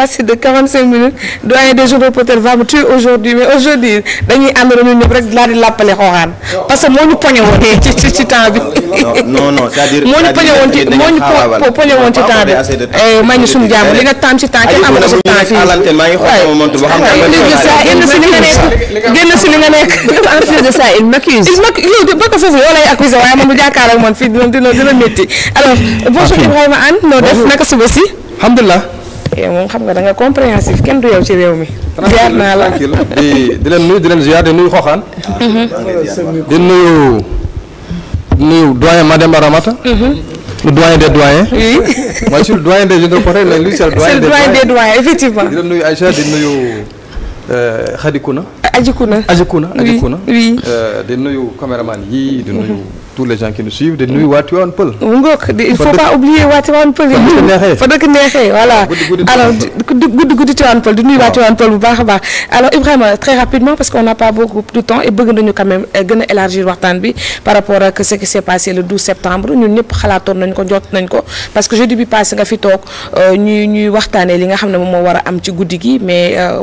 passé de 45 minutes doyen des jeunes reporters va me tuer aujourd'hui mais aujourd'hui dañuy àndal ñun ñëpp rek laa di làppale xooxaan parce que moo ñu poñe woon ci ci ci temps bi. non non c'est-à-dire moo ñu poñe woon ci moo ñu poñe woon ci temps bi may ñu suñu jàmm li nga taam ci temps kenn amul suñu temps fii génn si li nga nekk génn si li nga nekk en plus de ça il m'accuse il m'accuse yow de bokk foofu yow lay accuser waaye man bu jàkkaarloo ak man fii dina dina dina métti alors bonjour Ibrahima Anne noo def naka suba si alhamdulilah yow eh, moom xam nga da nga compréhensif kenn du yow ci réew mi. ziar naa la di leen nuyu di leen ziar di nuyu xoxaan. Mhm. di nuyu nuyu doyen Mademba Ramata. Mhm. le doyen des doyens. oui mooy sur le doyen des généraux mais lui c'est le doyen des doyens c'est le effectivement. di leen nuyu Aïcha di nuyu euh, Khady Kuna. Aji Kuna Aji Kuna. oui Aji Kuna euh, di nuyu caméraman yii di nuyu. tous les gens qui nous suivent de nuyu waa il faut pas oublier waa Tivaouane Peulh. fa dëkk neexee fa dëkk neexee guddi guddi Tivaouane Peulh di nuyu waa Tivaouane Peulh bu baax a baax. alors Ibrahima très rapidement parce que on n'a pas beaucoup de temps et bëgg nañu quand eh, gën a élargir waxtaan bi par rapport ak ce qui s'est passé le septembre ñun ñëpp xalaatoon nañ ko jot nañ ko parce que jeudi bi passé nga fi toog euh, ñuy waxtaanee li nga xam ne moom moo war am ci guddi gi euh,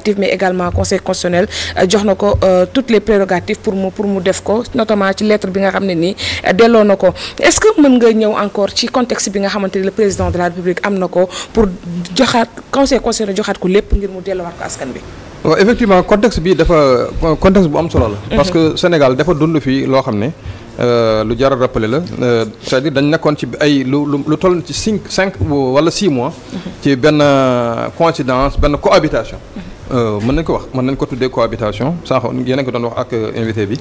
prérogatives mais également conseil constitutionnel euh, jox na ko euh, toutes les prérogatives pour mu pour mu def ko notamment ci lettre bi nga xam ne nii euh, delloo na ko est-ce que mën nga ñëw encore ci contexte bi nga xamante ni le président de la république am na ko pour joxaat conseil constitutionnel joxaat ko lépp ngir mu delloowaat ko askan bi. waaw effectivement contexte bi dafa contexte bu am solo la. Mhm. parce que Sénégal dafa dund fii loo xam ne lu jar a la c'est-à-dire dañ nekkoon ci ay lu lu toll ci cinq cinq wala six mois. Mhm. ci benn coïncidence benn cohabitation. Mhm. Euh, mën nañ ko wax mën nañ ko tuddee cohabitation sànq yéen a ko doon wax ak euh, invité bi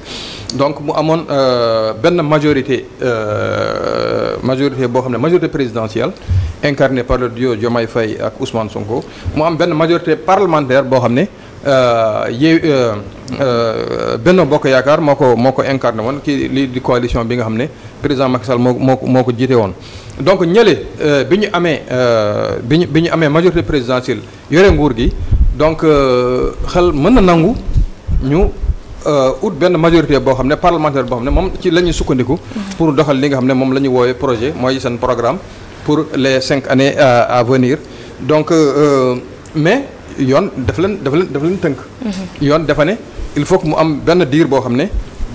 donc mu amoon euh, benn majorité majorité boo xam ne majorité présidentielle incarnée par le duo Diomaye Faye ak Ousmane Sonko mu am benn majorité parlementaire boo xam ne yee Benno Bokk Yaakaar moo ko moo ko incarné woon kii lii di coalition bi nga xam ne président Macky Sall moo moo ko moo ko jiite woon. donc ñële bi ñu amee bi bi ñu amee majorité présidentielle yore nguur gi. donc euh, xel mën na nangu ñu euh, ut benn majorité boo xam ne parlementaire boo xam ne moom ci la ñuy sukkandiku. pour doxal li nga xam ne moom la ñu woowee projet mooy seen programme pour les cinq années euh, à venir donc mais yoon dafa leen dafa leen dafa leen tënk. Mhm. yoon dafa ne il faut que mu am benn diir boo xam ne.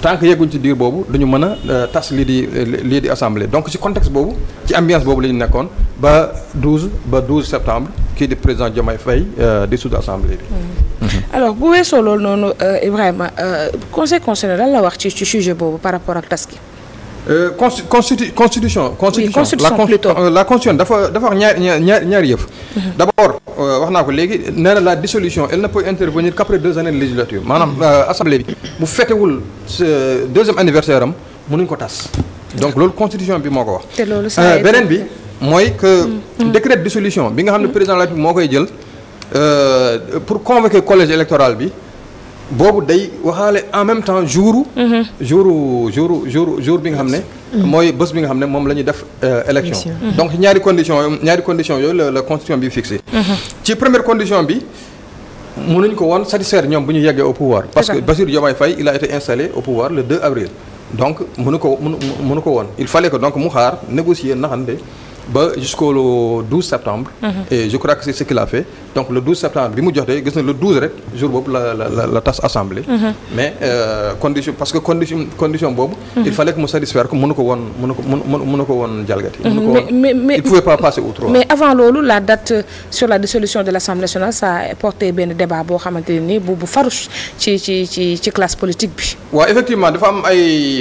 tant que yegguñ ci diir boobu duñu mën a euh, tas lii di euh, lii di assemblée donc ci contexte boobu ci ambiance boobu la nekkoon ba 12 ba 12 septembre kii di président Diomaye Faye euh, di sous assemblée bi. Mm-hmm. alors bu weesoo loolu noonu Ibrahima conseil la wax ci sujet boobu par rapport ak tas Euh, constitu constitution. constitution la constitution la constitution dafa dafa wax ñaar ñaar ñaari yëf. Mhm. d' abord euh, wax naa ko léegi nee la dissolution elle ne peut intervenir qu' après deux années de législature maanaam mhm. euh, assemblée bi bu fetewul deuxième anniversaire am mënuñ ko tas. donc loolu constitution bi moo ko wax. te loolu beneen bi mooy que. Mhm. décret de dissolution bi nga xam ne président la moo koy jël pour convoquer collège électoral bi. boobu dey waxaale en même temps jour. Mhm. jour jour jour jour bi nga xam ne. Mhm. mooy bés bi nga xam ne moom la ñuy def euh, élection. Mhm. donc ñaari condition ñaari condition yooyu la la constitution bi fixé. ci première condition bi. mënuñ ko woon satisfaire ñoom bu ñu yeggee au pouvoir. parce que Bassirou Diomaye Faye il a été installé au pouvoir le 2 avril. donc mënu ko mënu mënu ko woon il fallait que donc mu xaar négocier naxande. ba jusqu'au 12 septembre. Mhm. et je crois que c'est ce qu'il a fait donc le septembre bi mu jotee gis na le rek jour boobu la la la la tas assemblée. Mhm. mais euh, condition parce que condition condition boobu. Mhm. il fallait que mu satisfaire ko mënu ko woon mënu ko ko woon jalgati. il pouvait pas passer outre. mais avant loolu la date sur la dissolution de l'Assemblée nationale ça a benn débat boo xamante nii bu bu farouche ci ci ci ci classe politique bi. waaw effectivement dafa am ay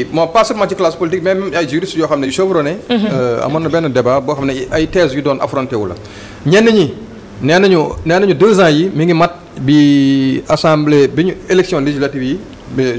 euh, moom boo xam ne ay thèse yu doon affronté wu la ñenn ñi nee nañu nee nañu deux ans yi mi ngi mat bi assemblée bi ñu élection législative yi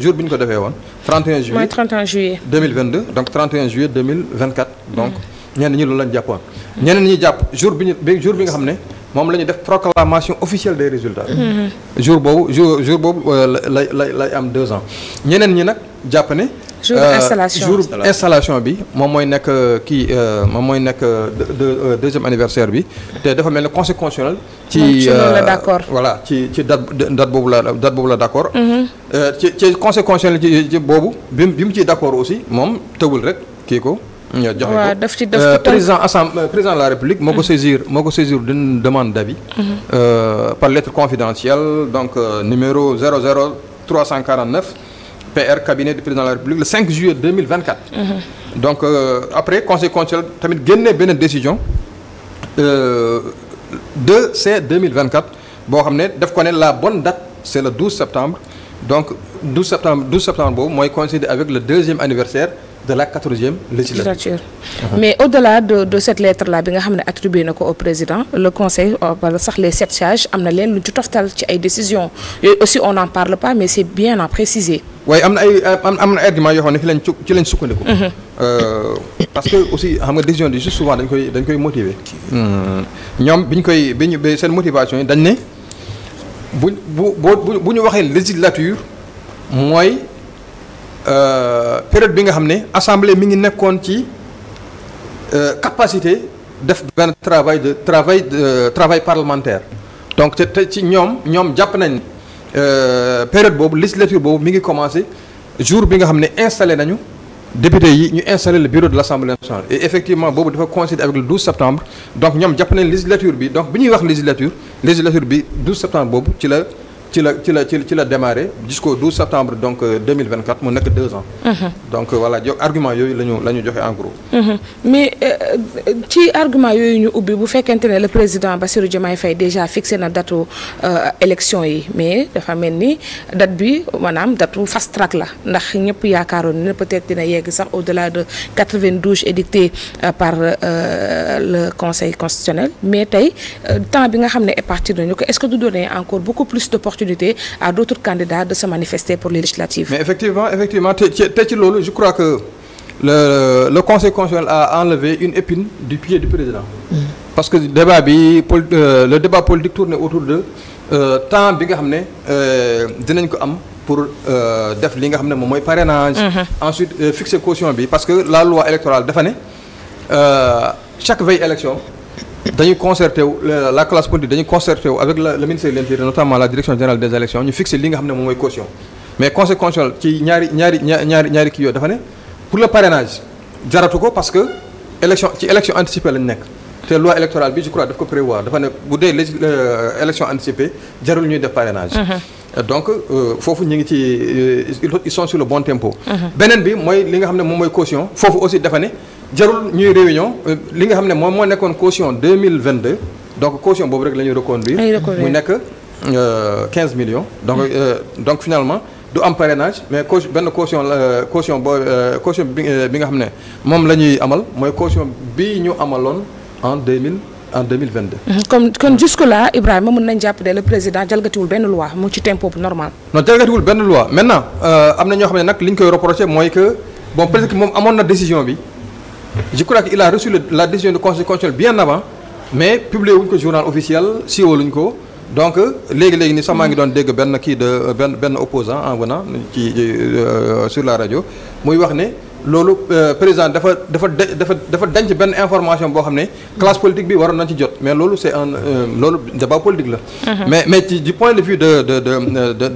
jour bi ñu ko defee woon 31 juillet juillet 2022 donc juillet donc mm. ñenn ñi loolu lañu jàppoon ñeneen ñi jàpp jour bi ñu jour bi nga xam ne moom la def proclamation officielle des résultats mm-hmm. jour boobu jour jour boobu lay euh, lay lay am ans ñeneen ñi nag jàpp ne Euh, jour installation jour installation bi moom mooy nekk euh, ki euh, moom mooy nekk deuxième anniversaire bi te dafa mel ni conseil constitutionnel. ci voilà ci ci date date boobu la date boobu la d' accord. Mm-hmm. ci ci conseil constitutionnel ci boobu bi bi mu ci d' accord aussi moom tëwul rek kii ko. jox joxe ko daf ci daf président assemblée président de la république. moo ko mm-hmm. saisir moo ko saisir d'une demande d' avis. Mm-hmm. par lettre confidentielle donc numéro 00 349. PR cabinet du président de la République le 5 juillet 2024. Mhm. donc euh, après conseil constitutionnel tamit génnee beneen décision euh, mille c 2024 boo xam ne def ko ne la bonne date c' le 12 septembre donc 12 septembre 12 septembre boobu mooy coïncider avec le deuxième anniversaire. de la quatorzième législature. mais au-delà de de cette lettre là bi nga xam ne attribué na ko au président le conseil euh, wala sax les sept sages am na leen lu ci toftal ci ay décisions yooyu aussi on n'en parle pas mais c'est bien à préciser. waaye am na ay am na argument yoo xam ne ci lañ sukkandiku. Mhm. Euh, parce que aussi xam nga décision di juste souvent dañ koy dañ koy motiver. Hmm. ñoom bi ñu koy bi ñu seen motivation yi dañ ne bu bu bu bu ñu waxee législature mooy. Euh, période bi nga xam ne assemblée mi ngi nekkoon ci euh, capacité def benn travail de travail de euh, travail parlementaire donc te ci ñoom ñoom jàpp nañ période boobu législature boobu mi ngi commencé jour bi nga xam ne installé nañu député yi ñu installé le bureau de l'Assemblée nationale et effectivement boobu dafa coïncider avec le septembre donc ñoom jàpp nañ législature bi donc bi ñuy wax législature législature bi 12 septembre boobu ci la ci la ci la ci la démarré jusqu'au 12 septembre donc euh, mu nekk ans. Mhm. donc euh, voilà argument yooyu la ñu la ñu joxe en gros. Mhm. mais euh, ci argument yooyu ñu ubbi bu fekkente ne le président Bassirou Diomaye Faye déjà fixé na datu élection yi mais dafa mel ni date bi maanaam datu fast la ndax ñëpp yaakaaroon ne peut-être dina yegg sax au-delà de 92 édictés par le conseil constitutionnel mais tey temps bi nga xam ne éparti nañu ko est-ce que du donner encore l'opportunité à d'autres candidats de se manifester pour les législatives. mais effectivement effectivement te te ci loolu je crois que le le conseil constitutionnel a enlevé une épine du pied du président. Mm. parce que débat bi poli euh, le débat politique tourne autour de euh, temps bi nga xam ne euh, dinañ ko am. pour euh, def li nga xam ne moom mooy parrainage. Mm -hmm. ensuite euh, fixer caution bi parce que la loi électorale dafa ne chaque veille élection. dañuy concerté wu la classe politique dañuy concerté wu avec le ministère de l'intérieur notamment la direction générale des élections ñu fixé li nga xam ne moom mooy caution mais conseil ci ñaari ñaari ñaari ñaari kii yooyu dafa ne pour le parrainage jaratu ko parce que élection ci élection anticipée lañ nekk te loi électorale bi je crois daf ko prévoir dafa ne bu dee lég euh, élection anticipée jarul ñuy def parrainage mm-hmm. donc euh, foofu ñu ngi ci euh, ils sont sur le bon mm-hmm. beneen bi mooy li nga xam ne moom mooy caution foofu aussi dafa jarul ñuy réunion euh, li nga xam ne moom moo nekkoon caution 2022 donc caution boobu rek la ñuy reconduire mu nekk 15 euh, millions donc mm. euh, donc finalement du am parrainage mais caution benn caution la euh, caution boo bi bi nga xam ne moom la ñuy amal mooy caution bi ñu amaloon en 2000 en 2022. Mm-hmm. comme kon jusque là Ibrahima mën nañ jàpp ne le président jalgatiwul benn loi mu ci tempo bu normal. non jalgatiwul benn loi maintenant am na ñoo xam ne nag li ñu koy reproché moom amoon na décision bi. je crois que il a reçu le, la décision du conseil constitutionnel bien avant mais publié wuñ ko journal officiel siiwaluñ ko donc léegi-léegi ni sax maa ngi doon dégg benn kii de benn benn opposant en venant ci euh, sur la rajo muy wax ne loolu euh, président dafa dafa dafa dafa denc benn information boo xam ne classe politique bi waroon nañ ci jot mais loolu c'est un euh, loolu débat politique la. Mhm. mais mais ci du point de vue de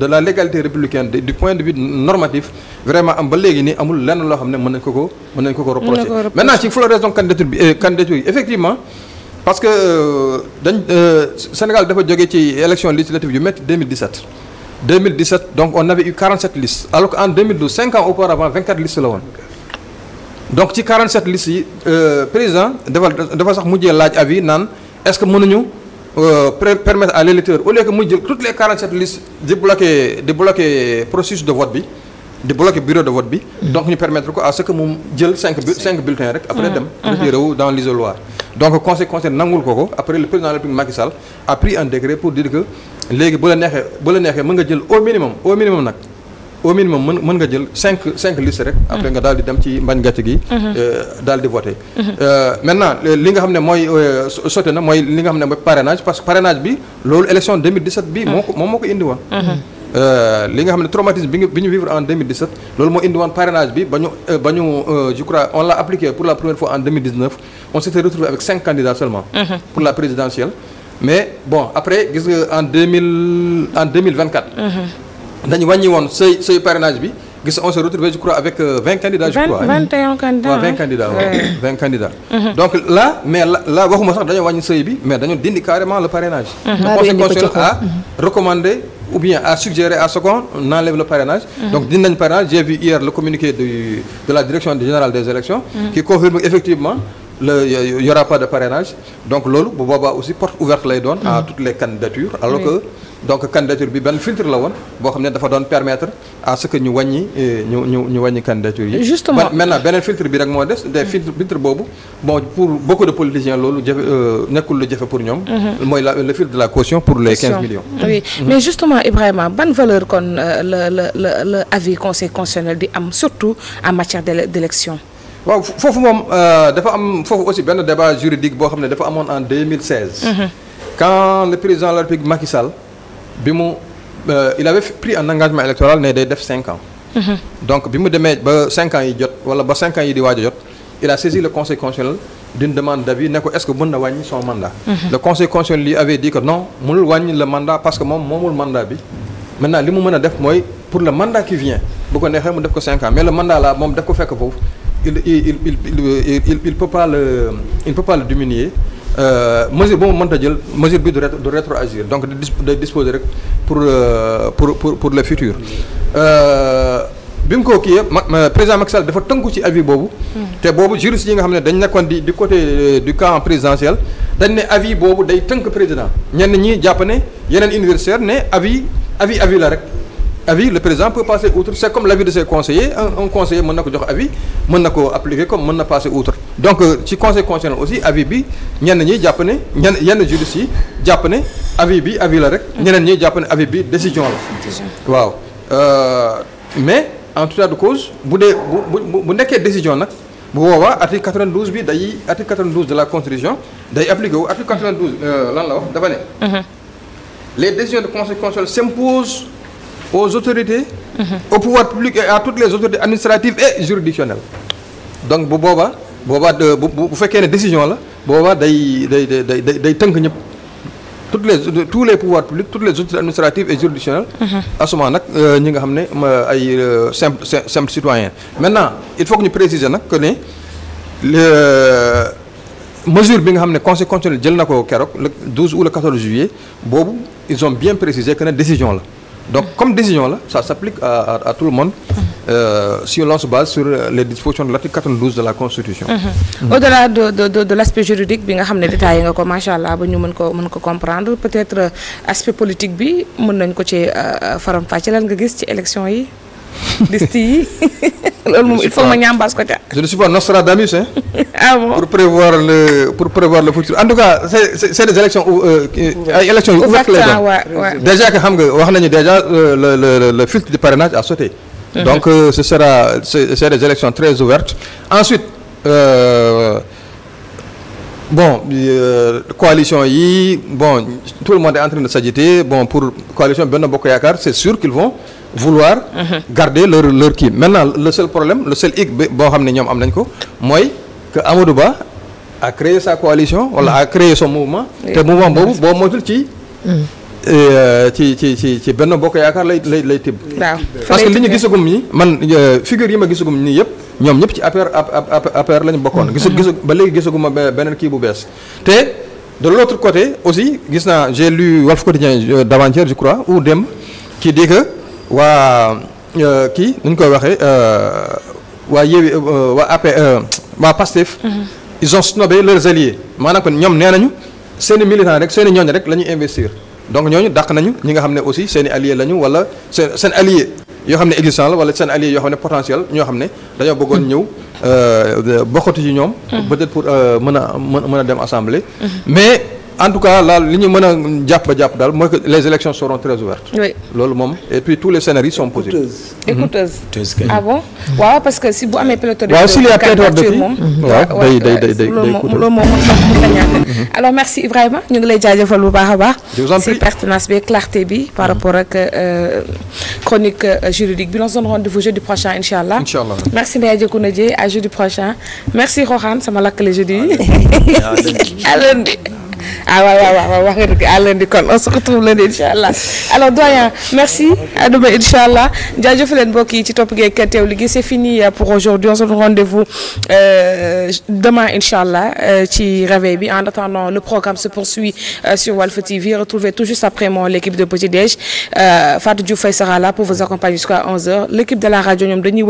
de la légalité républicaine du point de vue normatif vraiment am ba léegi nii amul lenn loo xam ne mën nañ ko ko mën nañ ko ko reprocher maintenant ci floraison candidature bi euh, candidature yi effectivement parce que dañ Sénégal dafa jógee ci élection législative yu métti 2017. 2017 donc on avait donc ci 47 listes yi euh, président dafa dafa sax mujjee laaj avis naan est-ce que mënuñu euh, permettre à l'électeur au lieu que muy jël toutes les 47 listes di bloquer di bloquer processus de vote bi di bloquer bureau de vote bi. Mm-hmm. donc ñu permettre ko à ce que mu jël 5 bu 5 bulletins rek. après dem mm-hmm. retiré wu dans l'isoloir donc conseil conseil nangul ko ko après le président de la République a pris un décret pour dire que léegi bu la neexee bu la neexee mën nga jël au minimum au minimum mën mën nga jël cinq cinq listes rek. après nga daal di dem ci mbañ gàcce gi. Mhm. Euh, daal di voté. Mhm. Euh, maintenant li nga xam ne mooy euh, sote na mooy li nga xam ne mooy parrainage parce que parrainage bi loolu élection 2017 bi moo ko moom moo ko indi woon. Mhm. li nga xam ne traumatisme bi bi ñu vivre en 2017 loolu moo indi woon parrainage bi ba ñu je crois on l'a appliqué pour la première fois en 2019 on s'était retrouvé avec cinq candidats seulement. pour la dañu wàññi woon seuil seuil parrainage bi gis on s'est retrouvé je crois avec euh, vingt candidats. je crois vingt et un candidats waaw vingt candidats mm-hmm. donc là mais là waxuma sax dañoo wàññi seuil bi mais dañoo dindi carrément le parrainage. waaw mm-hmm. ah, conseil a recommandé ou bien a suggéré à ce qu'on enlève le mm-hmm. donc dindi nañu parrainage j'ai vu hier le communiqué de la direction générale des élections qui confirme effectivement. le il y aura pas de parrainage donc loolu bu boobaa aussi porte ouverte lay doon. à mm-hmm. toutes les candidatures. alors que donc candidature bi benn filtre la woon boo xam ne dafa doon permettre à ce que ñu wàññi eh, ñu wàññi candidature yi. justement maintenant beneen filtre bi rek moo des. des filtre boobu bon pour beaucoup de politiciens loolu euh, nekkul lu jafe pour ñoom. Mm-hmm. mooy le filtre la caution pour les 15 millions. Mm-hmm. mais justement Ibrahima ban valeur kon euh, la avis conseil waaw foofu moom euh, dafa am foofu aussi benn débat juridique boo xam ne dafa amoon en 2016. Mhm. quand le président de la République Macky bi mu euh, il avait pris un engagement électoral ne day def cinq ans. Mhm. donc bi mu demee ba cinq ans yi jot wala ba cinq ans yi di waaj jot il a saisi le conseil constitutionnel d'une demande d'avis ne ko est-ce que na wàññi son mandat. Mhm. le conseil constitutionnel lui avait dit que non mënul wàññi le mandat parce que moom moomul mandat bi maintenant li mu mën a def mooy pour le mandat qui vient bu ko def ko cinq ans mais le mandat moom daf ko fekk foofu. il il il il il peut pas le il peut pas le diminuer euh, mesure bu ma mënta jël mesure bi du du rétroagir donc day disposer rek pour euh, pour pour pour le futur. Euh, bi mu ko kii yëpp président Macky Sall dafa tënku ci avis boobu. Hmm. te boobu juriste yi nga xam ne dañ nekkoon di du côté du camp présidentiel dañ ne avis boobu day tënk président ñenn ñi jàpp ne yeneen universitaire ne avis avis avis la rek. avis le président peut passer outre c'est comme l'avis de ses conseillers un, un conseiller mën na ko jox avis mën na ko appliquer comme mën na passer outre donc euh, ci conseil constitutionnel aussi avis bi ñenn ñi jàpp ne ñenn yenn judice yi jàpp ne avis bi avis la rek ñeneen ñi jàpp ne avis bi décision la waaw euh, mais en tout cas de cause bu dee bu bu nekkee décision nag bu boobaa article 92 bi day article 92 de la constitution day appliqué wu article 92 euh, lan la wax dafa ne mhm. les décisions de conseil constitutionnel s'imposent aux autorité Mmh. au et à toutes les autorités administratives et juridictionnelles. donc bu boobaa boobaa bu bu fekkee ne décision la boobaa day day day day tënk ñëpp toutes les tous les pouvoirs publics toutes les autorités administratives et juridictionnelles. Mhm. asuma nag euh, ñi nga xam ne ay euh, simple simple citoyen maintenant il faut ñu préciser nag que ne mesure bi nga xam ne conseil jël na ko keroog le 12 ou le juillet boobu ils ont bien préciser que ne décision la. donc comme décision la ça s'applique à, à, mhm. euh, si on base sur euh, les dispositions de l'article 92 de la constitution mm au-delà de l'aspect juridique bi nga xam ne détaillé nga ko macha allah ba ñu mën ko mën ko comprendre peut-être euh, aspect politique bi mën nañ ko ci faram-fàcce lan nga gis ci élection yi liste yi loolu moom il faut ma ñambaas ko ca. je ne suis pas Nostradamus hein. Ah pour prévoir le futur en tout cas c'est c'est, c'est des élections euh, ay ouvertes lay déjà que xam nga wax nañu déjà euh, le le le filtre de parrainage à sauté. Mhm. donc euh, ce sera c'est, c'est des élections très ouvertes ensuite. bon euh, coalition yi bon tout le monde est en train de s'agiter bon pour coalition Benno Bokk Yaakaar c'est sûr qu'ils vont vouloir uh-huh. garder leur leur kii maintenant le seul problème le seul hic boo xam ne ñoom am nañ ko mooy que Amadou Ba a créé sa coalition wala voilà, mm -hmm. a créé son mouvement te mouvement boobu boo moytul ci mm. Euh, ci ci ci benn bokk yaakaar lay lay lay tibb. waaw parce que li ñu gisagum nii man euh, figure yi ma gisagum nii yëpp ñoom ñëpp ci APR APR lañu bokkoon. gisu gisu ba léegi gisaguma beneen kii bu bees te. de l' autre côté aussi gis naa j'ai lu Walf Quotidien euh, d'avant-hier je crois ou démb qui dit que waa kii nu koy waxee waa Yewwi waa AP waa PASTEF. Mhm. ils ont snobé leurs alliés maanaam kon ñoom nee nañu seen i rek seen i ñooñu rek la ñuy investir. donc ñooñu dàq nañu ñi nga xam ne aussi seen i allié lañu wala seen seen yoo xam ne existant la wala seen allié yoo xam ne potentiel ñoo xam ne dañoo bëggoon ñëw euh, bokkatu ci ñoom. Mm-hmm. peut-être pour euh, mën a mën a dem assemblée mm-hmm. mais en tout cas laal li ñu mën a jàpp jàpp daal mooy que les élections seront très ouvertes. loolu moom et puis tous les scénarios sont possibles. écouteuse mhm. ah bon waaw parce que si bu amee pléthore. waaw s'il y a pléthore de filles waaw day day day day loolu moom alors merci Ibrahima ñu ngi lay jaajëfal bu baax a baax. si pertinence bi clarté bi par mhm. rapport ak euh, chronique euh, juridique bi. on se donne rendez-vous jeudi prochain incha allah. incha allah merci Ndeye Diakouna Dieye à jeudi merci sama lakkale jeudi à lundi. ah waaw waaw waaw wax nga dëgg à lundi kon on se retrouve lundi incha allah alors doyen merci à demain incha allah jaajëf leen mbokk yi ci topp geeg teewlu gi c'est fini euh, pour aujourd'hui on se donne rendez-vous euh, demain incha allah euh, ci réveil bi en attendant le programme se poursuit sur Walf TV retrouvez tout juste après moi l'équipe de Petit Déj Fatou Diouf Faye sera là pour vous accompagner jusqu'à 11h l'équipe de la radio ñoom dañuy